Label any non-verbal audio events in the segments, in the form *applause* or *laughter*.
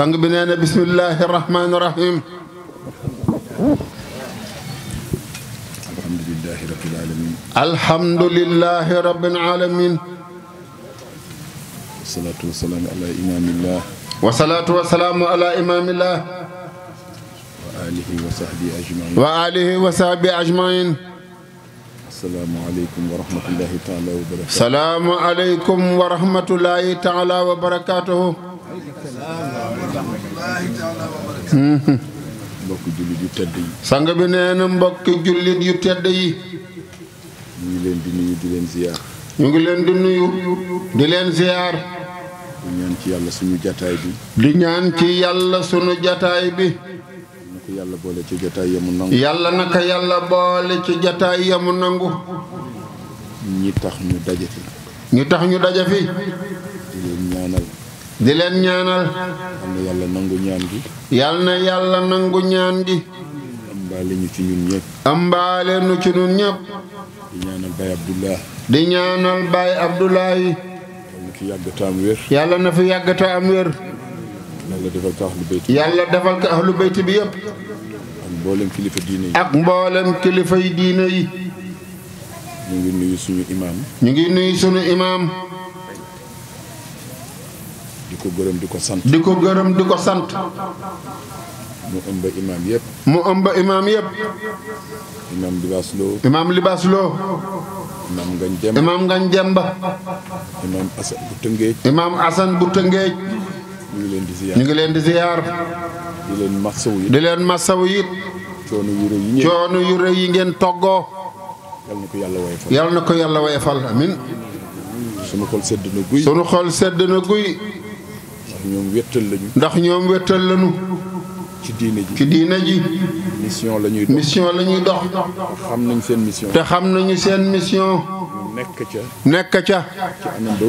سانغ بنينا بسم الله الرحمن الرحيم الحمد لله رب العالمين الحمد لله رب العالمين والصلاة والسلام على إمام الله والصلاة والسلام على إمام الله وآله وصحبه أجمعين وآله وصحبه أجمعين السلام عليكم ورحمة الله تعالى وبركاته السلام عليكم ورحمة الله تعالى وبركاته السلام Hmm, hmm. mbokk jullit yu sang bi nee na mbokk jullit yu tedd yi. ñu ngi leen di nuyu di leen ziar. ñu ngi leen di nuyu di leen ziar. di ñaan ci yàlla suñu jataay bi. di ñaan ci yàlla suñu jataay bi. yàlla boole ci jataay yàlla naka yàlla boole ci jataay yamu nangu. ñi tax ñu daje fi. ñi tax ñu daje fi. di leen ñaanal. yal na yàlla nangu ñaan gi. yal na yàlla nangu ñaan gi. ambaale ñu ci ñun ñëpp. ambaale ñu ci ñun ñëpp. di ñaanal Baye Abdoulaye. di ñaanal Baye Abdoulaye. yal yàlla na fi yàgg am wér. yàlla defal ko ahlu bayti. yàlla bi yëpp. ak mboolem kilifa diine yi. ak mboolem kilifa yi yi. ñu ngi nuyu suñu imaam. ñu ngi nuyu suñu imaam. di ko gërëm di ko sant. di ko gërëm di ko sant. mu ëmb imaam yëpp. mu ëmb imaam yëpp. imaam Libaas Lo. imaam Libaas Lo. imaam Ngañ Demba imaam Ngañ Demba. bu Tëngéej. imaam Assane bu Tëngéej. leen di ziyaar ñu leen di ziyaar. di leen masawu it. di coono yu yi ngeen coono yi ngeen toggoo. yal na ko yàlla woyofal yal yàlla na guy. sunu xol sedd na guy. ndax ñoom wéttal lañu. ndax ñoom wéttal lañu. ci diine ji ci diine ji. mission la dox mission la ñuy xam nañ seen mission. te xam nañu seen mission. ca. nekk ca. ci anam ba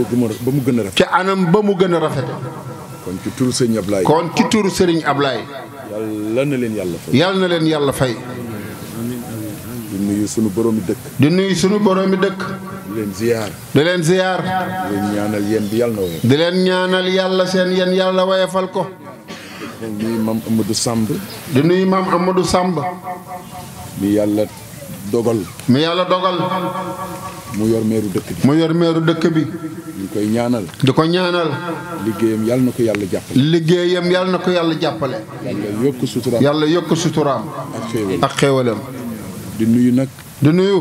mu gën a rafet. ca anam ba mu gën a rafet. kon ci turu sëriñ Ablaye. kon ci sëriñ Ablaye. yàlla na leen yàlla fay. yàlla na leen yàlla fay. di nuyu sunu boroomi dëkk. di nuyu sunu boroomi dëkk. di leen ziyaar. di leen ziyaar. di leen ñaanal yéen bi yàlla na woyofal. di leen ñaanal yàlla seen yéen yàlla woyofal ko. di nuyu maam Amadou Samb. di nuyu maam Amadou Samb. mi yàlla dogal. mi yàlla dogal. mu yor meeru dëkk bi. mu yor meeru dëkk bi. di koy ñaanal. di ko ñaanal. liggéeyam yàlla na ko yàlla jàppale. liggéeyam yàlla na ko yàlla jàppale. yàlla yokk suturaam yàlla yokk suturaam. ak xéewalam di nuyu nag. di nuyu.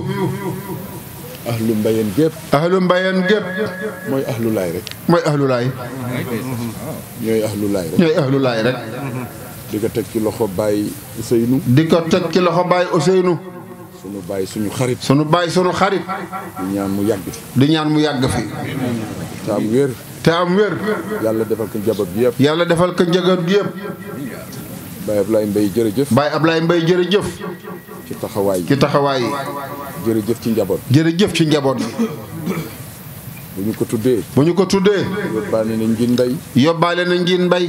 ahlu mbayeen gépp ahlu mbayeen gépp mooy ahlu rek mooy ahlu laay ñooy ahlu laay rek ñooy di ko teg ci loxo Baye Ousseynou di ko teg ci loxo Baye Ousseynou sunu baay suñu xarit sunu Baye suñu xarit di ñaan mu yàgg fi di ñaan mu yàgg fi te am wér te wér yàlla defal ko njaboot gi yëpp yàlla defal ko njaboot gi yëpp Baye Ablaye Mbaye jërëjëf. Baye Ablaye Mbaye jërëjëf. ci taxawaay yi ci taxawaay yi. jërëjëf ci njaboot. jërëjëf ci njaboot bi. bu ñu ko tuddee. bu ñu ko tuddee. yóbbaale na njiin mbay. yóbbaale na njiin mbay.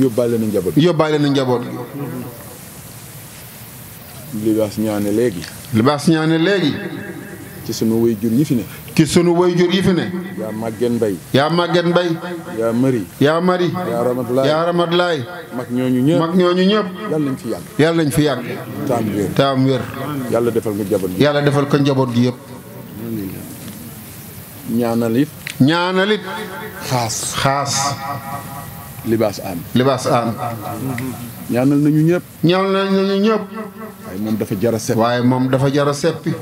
yóbbaale njaboot. yóbbaale na njaboot. libaas ñaane léegi. libaas ñaane léegi. kisunu way jur yi fi ne kisunu way jur yi fi ne ya magen bay ya magen bay ya mari ya mari ya ramadlay ya ramadlay mak ñoñu ñepp mak ñoñu ñepp yalla lañ fi yag yalla lañ fi yag tam wer tam wer yalla defal nga jabon yalla defal ko jabon gi yep ñaanalit ñaanalit khas khas libas am libas am ñaanal nañu ñepp ñaanal nañu ñepp waye mom dafa jara sepp waye mom dafa jara seppi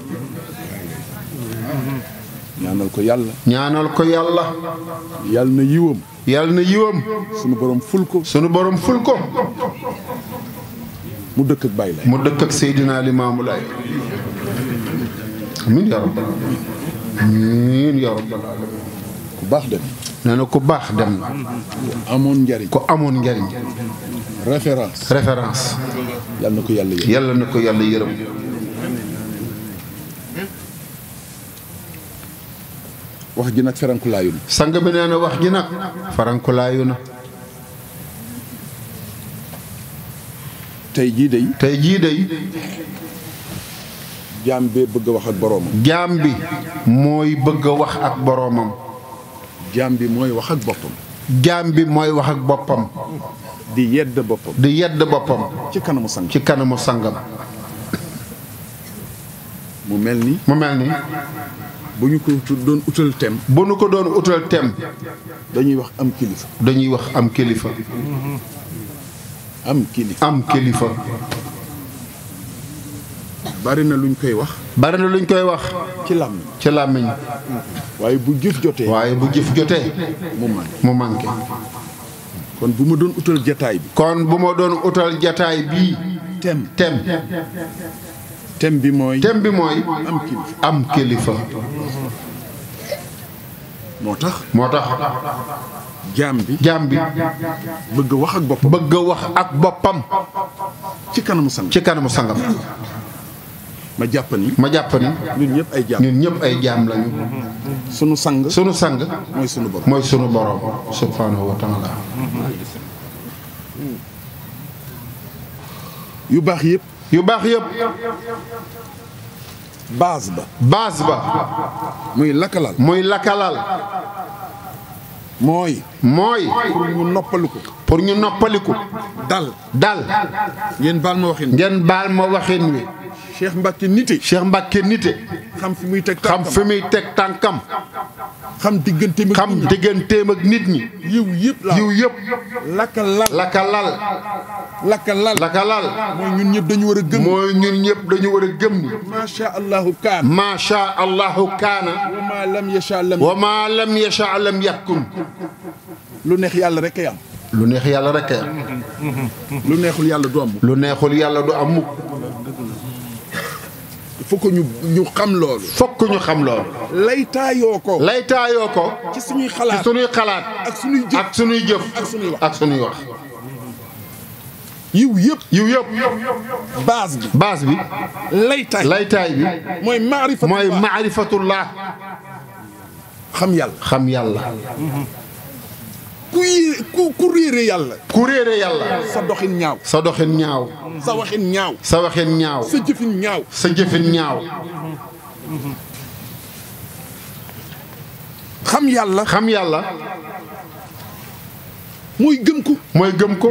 ñaanal ko yàlla ñaanal ko yàlla yàlla na yiwam yàlla na yiwam sunu borom ful ko sunu borom ful ko mu dëkk ak Baye Laye mu dëkk ak Seydina Limaamu Laay amiin yaa rabbal amiin yaa rabbal ku baax dem nee na ku baax dem na ku amoon njariñ ku amoon njariñ référence référence yàlla na ko yàlla yërëm yàlla na ko yàlla yërëm wax ji nag farankulaayu na sang bi nee na wax ji nag farankulaayu na tey jii day tey jii day jaam bee bëgg a wax ak boroomam jaam bi mooy bëgg a wax ak boroomam jaam bi mooy wax ak boppam jaam bi mooy wax ak boppam di yedd boppam di yedd boppam ci kanamu sang ci kanamu sangam mu mel ni mu mel ni bu ñu ko doon utal tem. bu ñu ko doon utal tem. dañuy wax am kilifa. dañuy wax am kilifa. am kilifa am kilifa. bari na luñ koy wax. bari na luñ koy wax. ci làmmiñ waaye bu jëf jotee. waaye bu jëf jotee. mu manqué kon bu ma doon utal jataay bi. kon bu ma doon utal jataay bii. tem tem. thème bi mooy. thème bi mooy. am kilifa am kilifa. moo tax. moo tax. jaam bi jaam bi. bëgg wax ak boppam. bëgg ak boppam. ci kanamu sangam ci kanamu sangam. ma jàpp ni. ma jàpp ni. ñun ñëpp ay jaam ñëpp ay jaam lañu. sunu sang. sunu sang. mooy sunu borom mooy sunu borom. subhanahu wa yu baax yépp yu baax yëpp baas ba baas ba muy lakkalal muy lakkalal mooy mooy pour ñu noppaliku pour ñu noppaliku dal dal ngeen baal ma waxin ngeen baal ma waxin wi Cheikh Mbacke nite. Cheikh Mbacke nite. xam fi muy teg tànkam xam fi muy teg tànkam. xam digganteem ak xam digganteem ak nit ñi. yiw yëpp la yiw yëpp. laka lal laka lal. laka lal laka lal. mooy ñun ñëpp dañu war gëm. mooy ñun ñëpp dañu war gëm ni. macha allahu kaana. macha allahu kaana. wa maa lam yasha lam. wa lam yasha lam yakun. lu neex yàlla rek yam. lu neex yàlla rek lu neexul yàlla du am. lu neexul yàlla du am fokk ñu ñu xam loolu. fokk ñu xam loolu. laytaayoo ko. laytaayoo ko. ci suñuy xalaat ci suñuy xalaat. ak suñuy jëf ak suñuy jëf. ak suñuy wax ak suñuy wax. yiw yëpp yiw yëpp. base bi base bi. laytaay laytaay bi. mooy maarifatullah mooy maarifatullah. xam yàlla xam yàlla. ku yé ku ku réere yàlla. sa doxin ñaaw. sa doxin ñaaw. sa ñaaw. sa waxin ñaaw. sa jëfin ñaaw. sa jëfin ñaaw. xam yàlla. xam yàlla. mooy gëm ko. mooy gëm ko.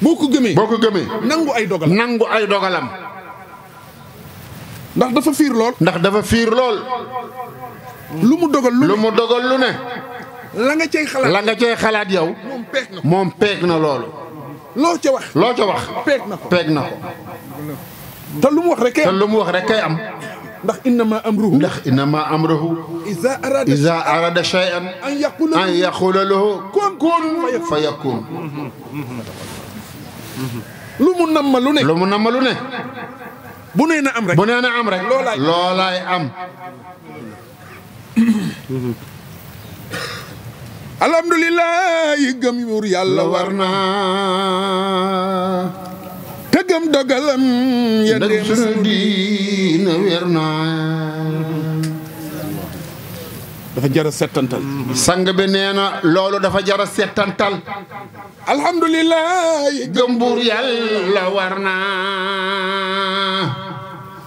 boo ko gëmee. boo ko gëmee. nangu ay dogalam. nangu ay dogalam. ndax dafa fiir lool. ndax dafa fiir lool. lu mu dogal lu ne lu mu dogal lu ne. la nga cay xalaat la nga cay xalaat yow. moom peeg na moom peeg na loolu. loo ca wax loo ca wax. peeg na ko peeg na ko. te lu mu wax rek kay am te lu mu wax rek kay am. ndax innama amruhu ndax innama amruhu. iza arada iza arada shay'an. an yaqula lahu an yaqula lahu kun kun fa yakun. lu mu nam ma lu ne. lu mu nam ma lu ne. bu nee na am rek bu nee na am rek. loolaay am loolaay am. *coughs* alhamdulilah yi gëm yuur yàlla war na te gëm dogalam ya dem suñu weer na dafa jara settantal sang bi nee na loolu dafa jara settantal alhamdulilah yi gëm buur yàlla war na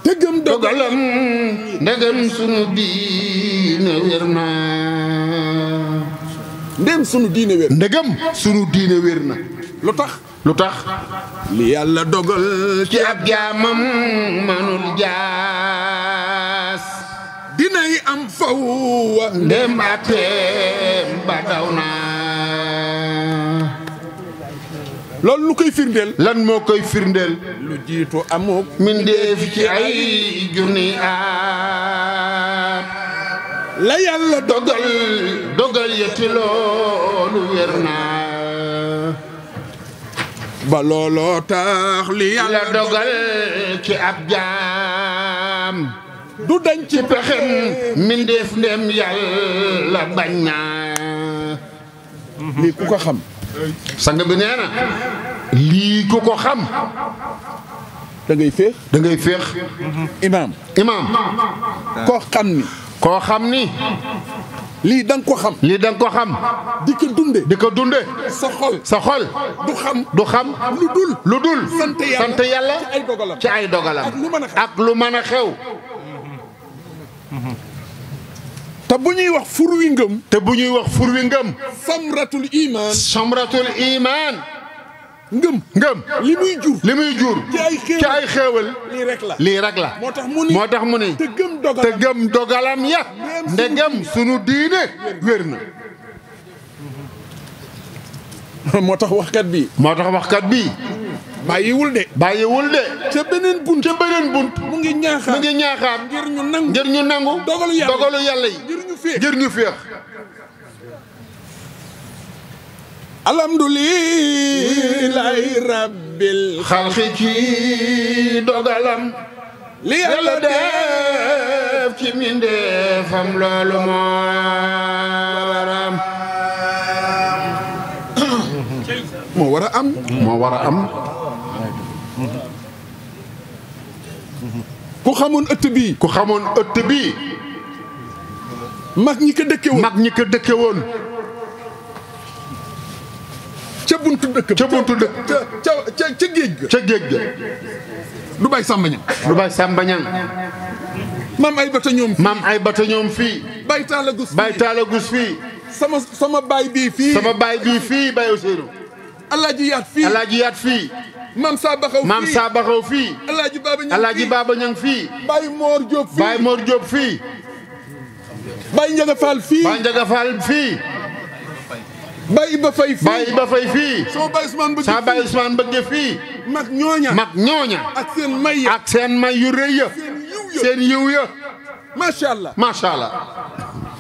te gëm dogalam ndegam sunu diine wér na ndegam sunu diine wér na lu tax lu tax li yàlla dogal ci ab jaamam manul jaas dinay am faw ndem ateem ba daw naa loolu lu koy firndeel. lan moo koy firndeel. lu jiitu amuk. mindeef ci ay junni at. la yàlla dogal dogal yëti loolu wér naa. ba looloo tax li yàlla dogal ci ab jaam. du dañ ci pexem mindeef ndem yàlla bañ naa. lii ku ko xam. sang bi nee na lii ku ko xam dangay ngay féex da féex imaam imaam koo xam ni koo xam ni lii da ko xam lii da nga ko xam di ko dunde di ko dunde sa xol sa xol du xam du xam lu dul lu dul sant yàlla sant yàlla ci ay dogalam ci ay dogalam ak lu mën a xew te buñuy wax furwi ngëm te buñuy wax furwi ngëm samratul iman samratul iman ngëm ngëm li muy jur li muy jur ci ay xewal li rek la li rek la motax muni motax muni te gëm dogalam te gëm dogalam ya ne gëm sunu diine werna *laughs* motax wax kat bi motax wax kat bi bàyyiwul de. bàyyiwul de. ca beneen bunt. ca beneen bunt. mu ngi ñaaxaar mu ñu nangu ngir ñu nangu. dogalu yàlla yi dogalu ñu féex ngir ñu rabbil xalqi ci dogalam. li yàlla def ci mindeefam loolu moo waram moo war am moo war am ku xamoon ëtt bii. ku xamoon ëtt bii. mag ñi ko dëkke woon mag ñi ko dëkke woon. ca buntu ca buntu dëkk géej ga. ca géej ga. du bay sàmbañan. du bay sàmbañan. maam ay bata ñoom. fii. bay taalagus fii sama sama baay bii fii. sama baay bii fii Baye Ousseynou. alaaji yaat fii yaat fii. maam saa baxaw fii maam fii. alaaji baaba ñang fii alaaji baaba ñang fii. Baye Mor Diop fii Baye Mor fii. Baye Ndiaga Fall fii fii. Baye Iba Faye fii Baye Iba fii. soo Baye Ousmane bëgg fii saa Baye Ousmane bëgg fii. mag ñooña ak seen may ya ak seen may yu rëy ya. seen yiw ya seen macha allah macha allah.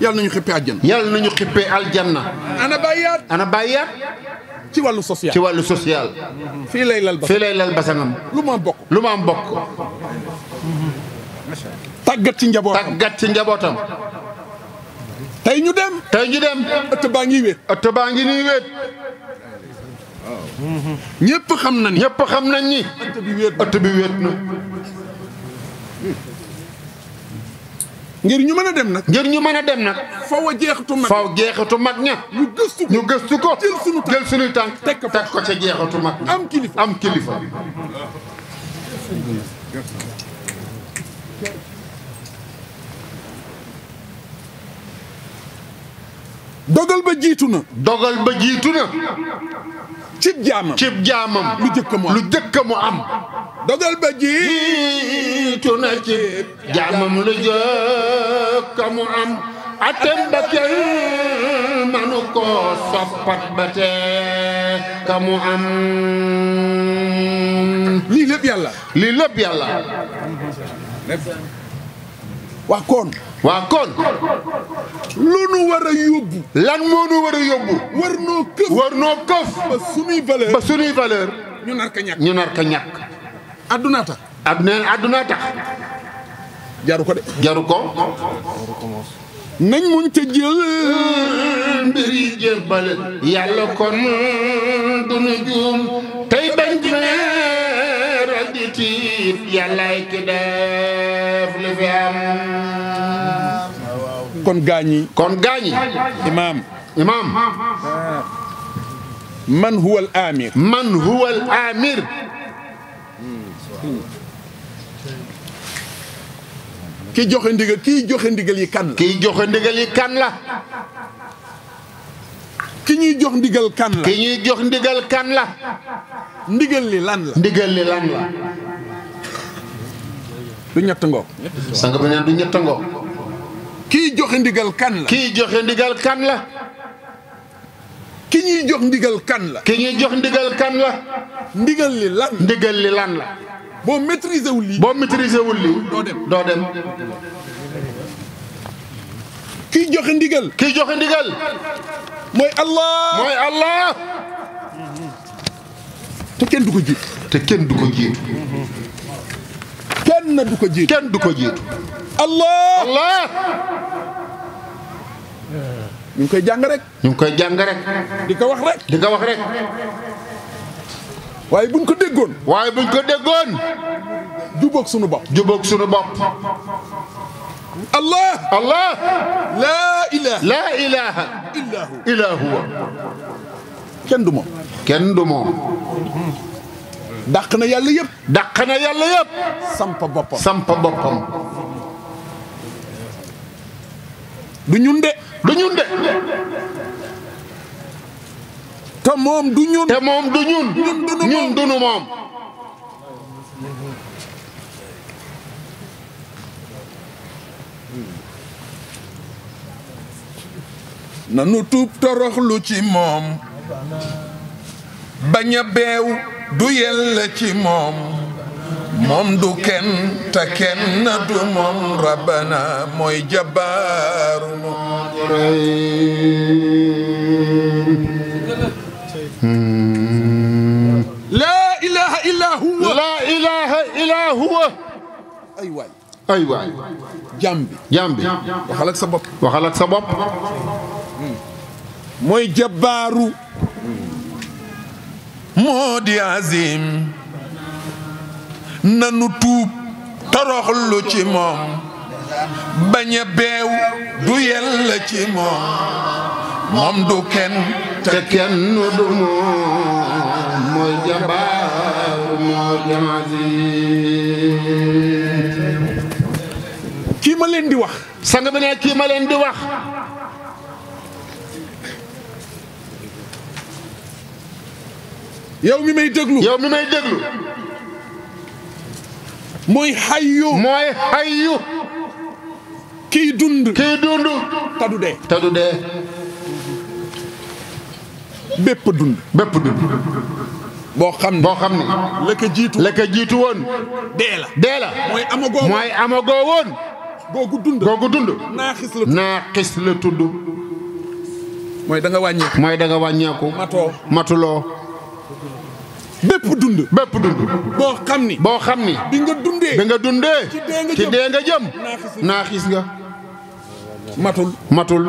yàlla nañu xippee aljanna. yàlla nañu xippee aljanna. ana bàyyaat ana ci wàllu social ci wàllu social. fii lay lal basangam lay lal basangam. lu ma bokk lu ma am bokk. tàggat ci njabootam tàggat ñu dem. tey ñu dem. ëtt baa ngi wéet. ëtt baa ngi nii wéet. ñëpp xam nañ. ñëpp xam nañ ni. ëtt bi na ëtt bi wéet na. ngir ñu mën a dem nag. ngir ñu mën a dem nag. faw a jeexatu mag ña. ñu gëstu ko jël suñu tànk teg ko ca jeexatu mag. am kilifa am kilifa. dogal ba jiitu na. dogal ba jiitu na. cib jaamam cib jaamam. mu am lu jëkk mu am. dogal ba jiitu na ci jaamam mu am atem ba kenn manu ko ka mu am lii lépp yàlla lii lépp waa koon waa kon lu nu war a yóbbu lan moo nu war a yóbbu war noo këf war noo këf ba sunuy valeur ñu nar ka ñàkk addunaa tax ad nee na de jaru nañ muñ te jël mbir yi jébbal yàlla kon dunu juum tey bañ meeral di tiit ki def li fi am kon gaañi imaam imaam man huwa al man huwa al ki joxe ndigal kii joxe ndigal yi kan la. kii joxe ndigal yi kan la. ki ñuy jox ndigal kan la. ki ñuy jox ndigal kan la. ndigal li lan la. ndigal li lan la. du ñett ngoog. sang bi neen du ñett ngoog. kii joxe ndigal kan la. kii joxe ndigal kan la. ki ñuy jox ndigal kan la. ki ñuy jox ndigal kan la. ndigal li lan. ndigal li lan la. boo maîtriser wul lii. boo maîtriser wul lii. doo dem doo dem. kiy joxe ndigal. kiy joxe ndigal. mooy Allah. te kenn du ko jiitu. te kenn du ko jiitu. kenn du ko jiitu. kenn du ko jiitu. Allah. Allah. ñu ngi koy jàng rek. ñu ngi koy jàng rek. di ko wax di ko wax rek. waaye buñ ko déggoon. waaye buñ ko déggoon. jubóog sunu bopp. jubóog sunu bopp. Allah. Allah. laa ilaha. laa huwa. kenn du moom. kenn du moom. dàq na yàlla yëpp. dàq na yàlla yëpp. sampa boppam sampa boppam. du ñun de. du ñun de. te moom du ñun. te moom du ñun. ñun du nu moom. nanu tuub toroxlu ci moom bañ a beew du yella ci moom moom du kenn te kenn du moom rabbana mooy jabaaru moom Hmm. laa ilaaha illaa laa ilaaha illaa huwa. ay waay. sa bopp. waxal ak sa bopp. Hmm. mooy jabbaaru. Hmm. moo di azim. nanu tuub. toroxlu ci moom. bañ a du yella ci moom. moom du kenn. te kenn du moom mooy jabaar mooy jamaasi kii leen di wax sang bi ne kii leen di wax yow mi may déglu mooy xayyu mooy dund kiy dund te du dee bépp dund bépp dund boo xam ne boo xam ne la ko jiitu la ko jiitu woon dee la dee la mooy amagoo mooy amagoo woon googu dund googu dund la tudd mooy da wàññeeku mooy matuloo bépp dund bépp dund boo xam ni boo xam bi nga dundee bi nga dundee ci dee nga jëm naaxis nga matul matul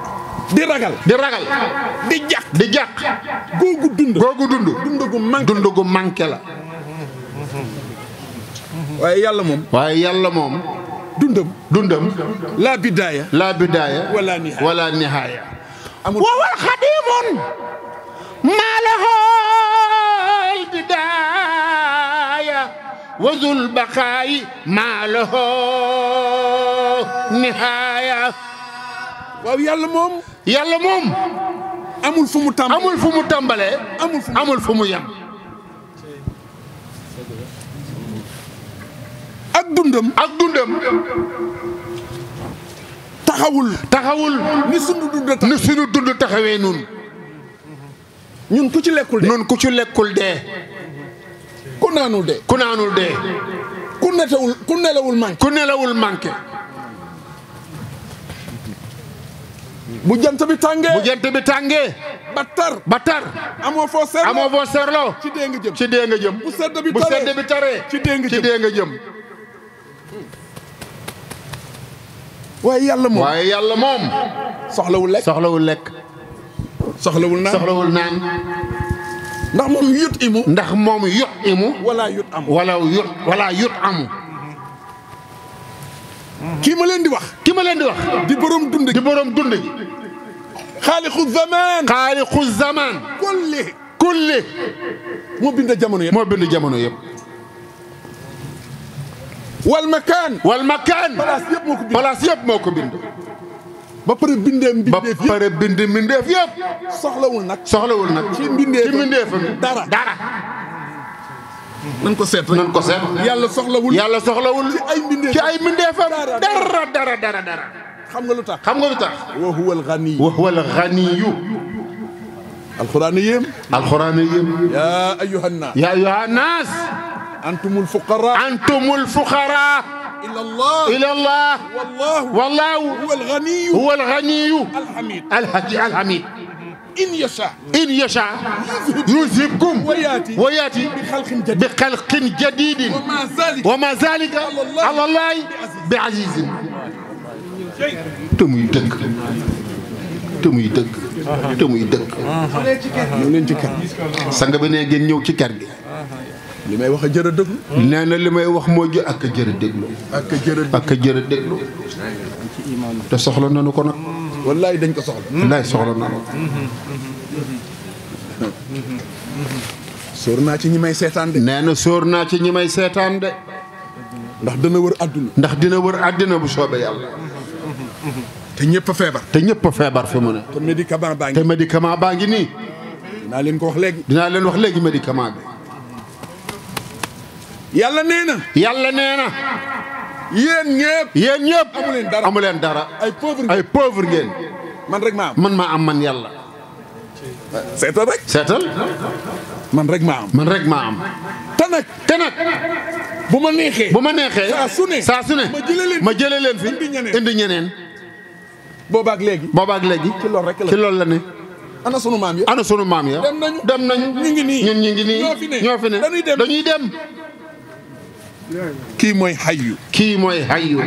di ragal di ragal di jàq di jàq googu dund googu dund dund gu manqué dund gu manqué la waaye yàlla moom waaye yàlla moom dundam dundam laa bidaaya laa bidaaya wala nihaaya wala nihaaya amul wawal xadimun maa lahol bidaaya wazul baqaayi maa lahol nihaaya waaw yàlla moom. yàlla moom. amul fu mu tàmbalee amul fu mu tàmbalee. amul fu mu yem. ak dundam ak dundam. taxawul. taxawul ni sunu dund taxawee ni nun ñun ku ci lekkul dee ñun ku ci lekkul dee. ku naanul dee. ku naanul dee. ku netewul ku ku nelawul manqué. bu jant bi tàngee bi tàngee. ba tar ba tar. amoo foo seerloo ci dee nga jëm ci dee nga jëm. bu sedd bi taree bu sedd bi taree. ci dee nga jëm nga jëm. waaye yàlla moom waaye yàlla moom. soxlawul lekk soxlawul lekk. soxlawul naan soxlawul naan. ndax moom yut imu. ndax moom yut imu. wala yut yut amu. kii ma leen di wax. ki ma leen di wax. di borom dund gi di borom dund gi. xaalixu zamaan. xaalixu zamaan. kulli. kulli. moo bind jamono yëpp moo bind jamono yëpp. wal makaan. wal makaan. place yëpp moo ko bind place yëpp moo ko bind. ba pare bindee mbindeef yëpp ba pare bind mbindeef yëpp. soxlawul nag. soxlawul nag ci mbindeefam dara dara. nan ko seet nan ko seet yàlla soxlawul yàlla soxlawul ci ay mbindeefam ci ay mbindeefam dara dara dara dara xam nga lu tax xam nga lu tax wa huwa alghani wa huwa alghaniyu alquran yéem alquran yéem yaa ayuha nnaas yaa ayuha nnaas antumul fuqara antumul fuqara إلى الله إلى الله والله والله هو الغني هو الغني الحميد الحميد إن يشاء إن يشاء يذهبكم وياتي وياتي بخلق جديد بخلق جديد وما ذلك وما ذلك على الله بعزيز تموي دك تموي دك تموي دك منين تك سانغبي نيغي نيو تي كارغي limay wax jeure deglu neena limay wax mo ju ak jeure deglu ak jeure ak jeure deglu ci iman te soxla nañu ko nak wallaay dañ ko soxla. wallaay soxla naa ko. sóor naa ci ñi may seetaan nee na sóor naa ci ñi may seetaan de. ndax dana wër àdduna. ndax dina wër àddina bu soobee yàlla. te ñëpp a feebar. te ñëpp a feebar fi mu ne. te médicament baa ngi te baa ngi nii. dinaa leen ko wax léegi. dinaa leen wax léegi médicament bi. yàlla nee yàlla nee yéen ñëpp. yéen ñëpp amu dara amu leen dara. ay pauvre ay ngeen. man rek ma am man ma am man yàlla. seetal rek. seetal. man rek ma am. man rek ma am. te nag bu ma neexee. bu ma neexee saa su ne. saa su ne ma jëlee leen fi ma jëlee leen fi indi ñeneen. boobaak léegi. boobaak léegi ci loolu rek la ci loolu la ne. ana sunu maam ya ana sunu maam ya dem nañu dem nañu. ñu ngi nii ñun ñu ngi nii. dem. kii mooy xayyu kii mooy xayyu